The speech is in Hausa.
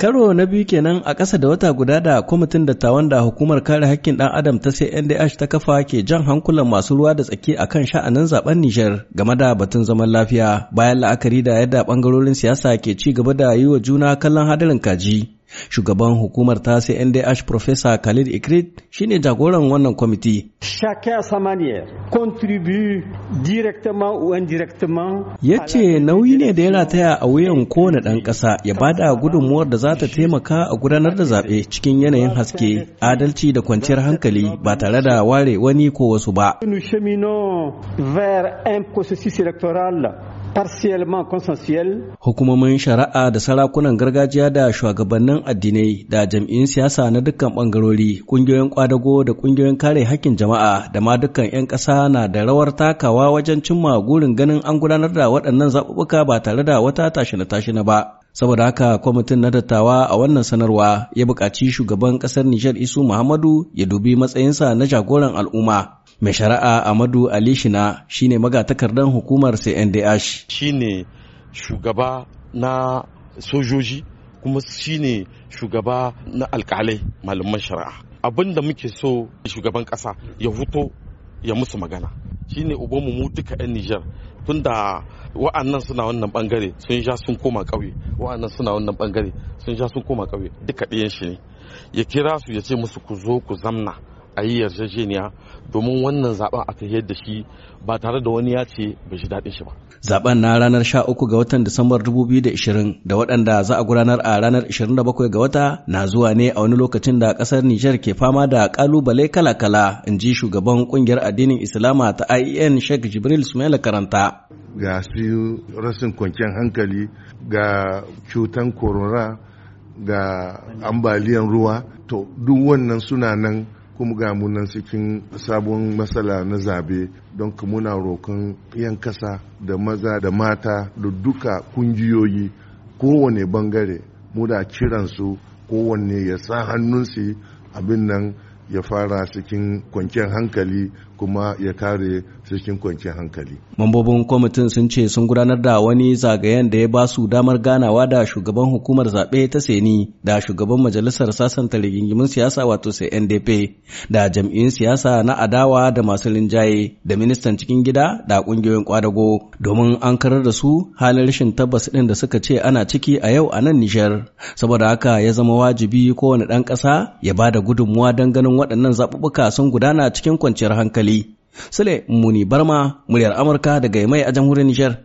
Karo na biyu kenan a ƙasa da wata guda da kwamitin da dattawan da hukumar kare hakkin ɗan adam ta CNDH ta kafa ke jan hankulan masu ruwa da tsaki a kan sha'anin zaɓen Nijar game da batun zaman lafiya bayan la'akari da yadda ɓangarorin siyasa ke ci gaba da yi wa juna kallon hadarin kaji. Shugaban hukumar ta NDH Professor Khalid Ikrit shine jagoran wannan kwamiti. Chacun sa contribue directement ou indirectement. Ya ce nauyi ne da yana taya a wuyan kowane ɗan ƙasa ya bada gudunmuwar da za ta taimaka a gudanar da zaɓe cikin yanayin haske, adalci da kwanciyar hankali ba tare da ware wani ko wasu ba. Nous cheminons vers un partiellement Hukumomin shari'a da sarakunan gargajiya da shugabannin addinai da jam'in siyasa na dukkan bangarori, kungiyoyin kwadago da kungiyoyin kare hakkin jama'a da ma dukkan 'yan ƙasa na da rawar takawa wajen cimma gurin ganin an gudanar da waɗannan zaɓuɓɓuka ba tare da wata tashina-tashina ba. saboda haka kwamitin na dattawa a wannan sanarwa ya buƙaci shugaban ƙasar Nijar Isu Muhammadu ya dubi matsayinsa na jagoran al'umma mai shari'a amadu alishina shina shine magatakardan hukumar cndh shine shugaba na sojoji kuma shine shugaba na alkalai malaman shari'a abinda muke so shugaban kasa ya huto ya musu magana shine ubanmu mu duka 'yan Nijar tunda wa'annan suna wannan bangare sun ja sun koma ƙauye wa'annan suna wannan bangare sun ja sun koma ƙauye duka ɗayan shi ne ya kira su ya ce musu ku zo ku zamna a yi yarjejeniya domin wannan zaben aka yi da shi ba tare da wani ya ce bai shi daɗin shi ba. Zaben na ranar 13 ga watan Disambar 2020 da waɗanda za a gudanar a ranar 27 ga wata na zuwa ne a wani lokacin da ƙasar Nijar ke fama da ƙalubale kala-kala in ji shugaban ƙungiyar addinin Islama ta IEN Sheikh Jibril Sumaila Karanta. Ga su rasin kwanciyar hankali ga cutan korona ga ambaliyan ruwa to duk wannan suna nan kuma ga munan cikin sabon matsala na zabe don muna roƙon 'yan kasa da maza da mata da duka kungiyoyi kowane bangare mu da kiransu kowanne ya sa hannunsu abin nan ya fara cikin kwanciyar hankali kuma ya kare cikin kwanciyar hankali. Mambobin kwamitin sun ce sun gudanar da wani zagayen da ya ba su damar ganawa da shugaban hukumar zaɓe ta Seni da shugaban majalisar sasanta rigingimin siyasa wato sai NDP da jam'iyyun siyasa na adawa da masu linjaye da ministan cikin gida da ƙungiyoyin kwadago domin an karar da su halin rashin tabbas ɗin da suka ce ana ciki a yau a nan Nijar. Saboda haka ya zama wajibi kowane ɗan ƙasa ya ba da gudunmuwa don ganin waɗannan zaɓuɓɓuka sun gudana cikin kwanciyar hankali. Sule Muni Barma, muryar Amurka daga Yamai a jamhuriyar Nijar.